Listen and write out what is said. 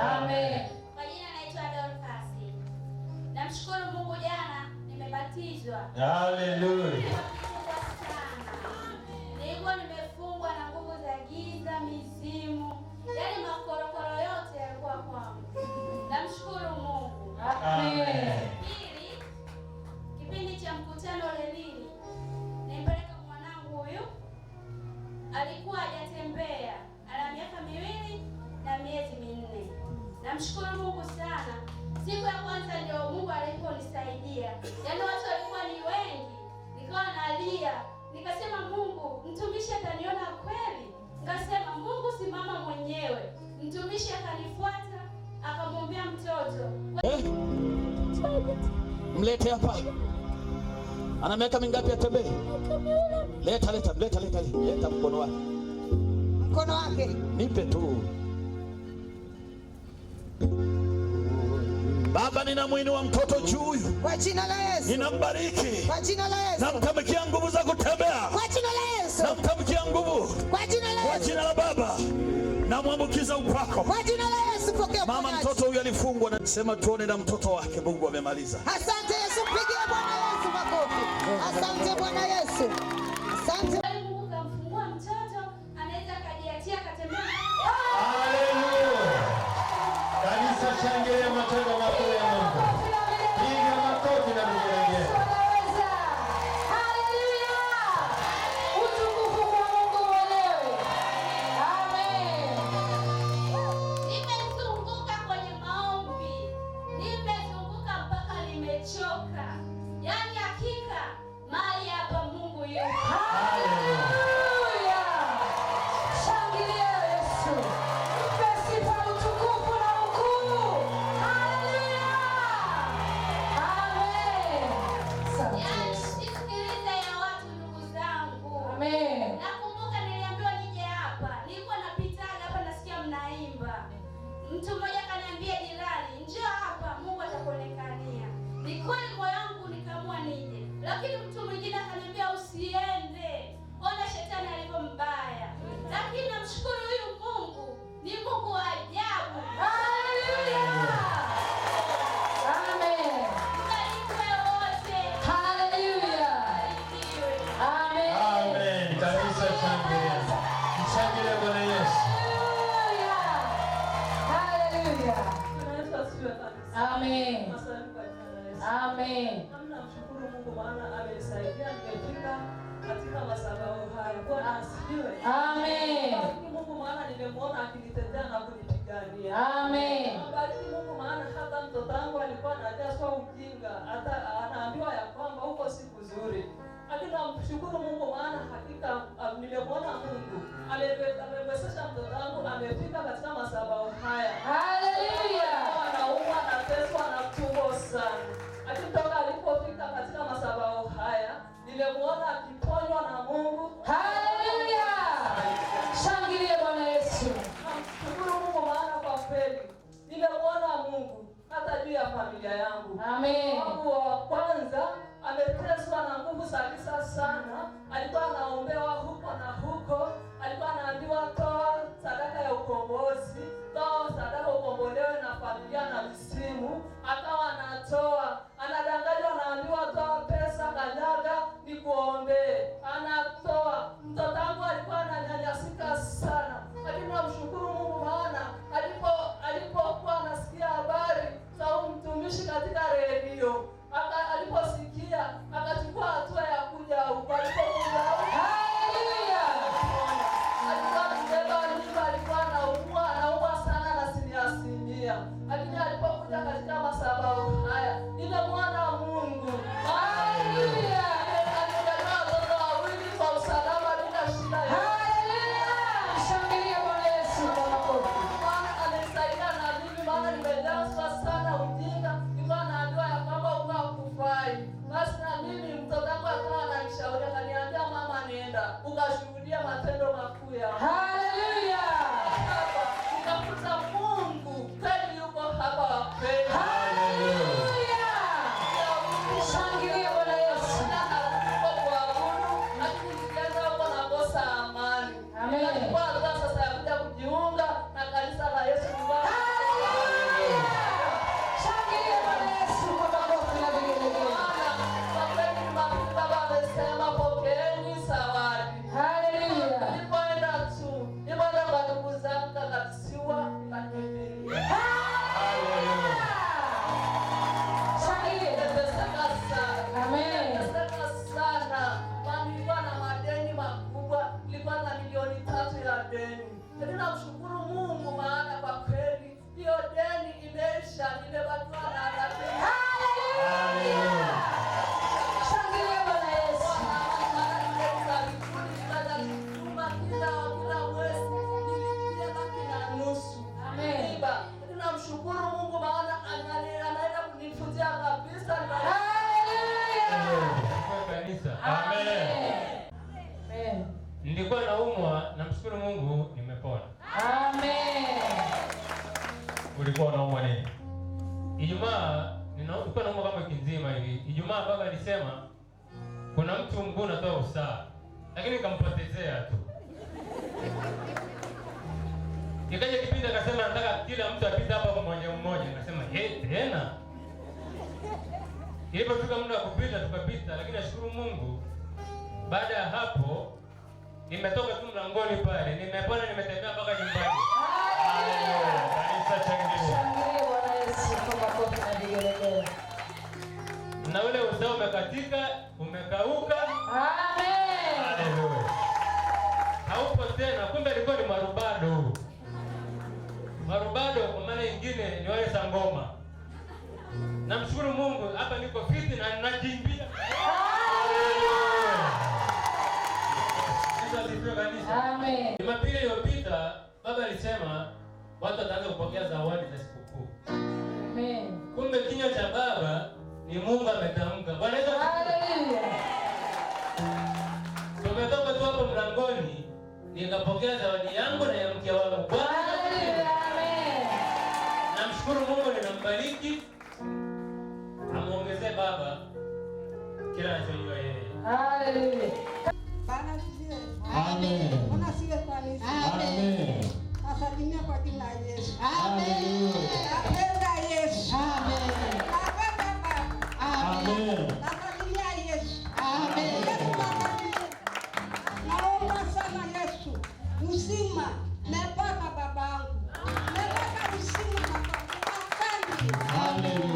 Amen. Kwa jina naitwa Dorcas. Namshukuru Mungu, jana nimebatizwa. Haleluya. Mungu sana. Siku ya kwanza ndio Mungu aliponisaidia, yaani watu walikuwa ni wengi, nikawa nalia, nikasema Mungu, mtumishi ataniona kweli? Nikasema Mungu simama mwenyewe. Mtumishi akanifuata akamwombea mtoto eh? Mlete hapa. Ana miaka mingapi? Atembee. Leta, leta, leta, leta, leta mkono wake, mkono wake nipe tu Baba, ninamwinua mtoto Juyu, kwa jina la Yesu ninambariki, kwa jina la Yesu namtamkia nguvu za kutembea, kwa jina la Yesu namtamkia nguvu, kwa jina la Yesu, kwa jina la Baba namwambukiza upako, kwa jina la Yesu pokea. Mama mtoto huyu alifungwa, nasema tuone na mtoto wake. Mungu amemaliza. Asante Yesu, pigie Bwana Yesu makofi. Asante Bwana Yesu. Amen. Namshukuru Mungu maana amenisaidia nimefika katika madhabahu haya. Bwana asifiwe. Amen. Bariki Mungu maana nimemwona akinitetea na kunipigania. Amen. Bariki Mungu maana hata mtoto wangu alikuwa anajazwa ujinga, hata anaambiwa ya kwamba huko si kuzuri. Namshukuru Mungu maana hakika ah, nimemwona Mungu amewezesha mtoto wangu amefika katika madhabahu ukombozi, sawa sadaka ukombolewe na familia na msimu hata Sasa. Amen. Amen. Nilikuwa naumwa, namshukuru Mungu nimepona. Amen. Ulikuwa unaumwa nini? Ijumaa nilikuwa naumwa kama wiki nzima hivi. Ijumaa baba alisema kuna mtu mguu unatoa usaha, lakini nikampotezea tu. Ikaja kipindi akasema nataka kila mtu apite hapa kwa mmoja mmoja, nikasema yeye tena Ilipofika muda wa kupita tukapita, lakini nashukuru Mungu, baada ya hapo nimetoka tu mlangoni pale, nimepona, nimetembea mpaka nyumbani. Na ule uzao umekatika, umekauka, haupo tena. Kumbe ilikuwa ni marubado, marubado kwa maana nyingine ni wale sangoma Amen. Jumapili iliyopita baba alisema watu wataanza kupokea zawadi za sikukuu. Amen. Kumbe kinywa cha baba ni Mungu ametamka. Bwana Haleluya. Tumetoka tu hapo mlangoni nikapokea zawadi yangu na ya mke wangu. Haleluya. Amen. Namshukuru Mungu ninambariki. Amuongezee baba kila anachojua yeye. Haleluya. Bwana Yesu. Amen. Napenda Yesu. Amen.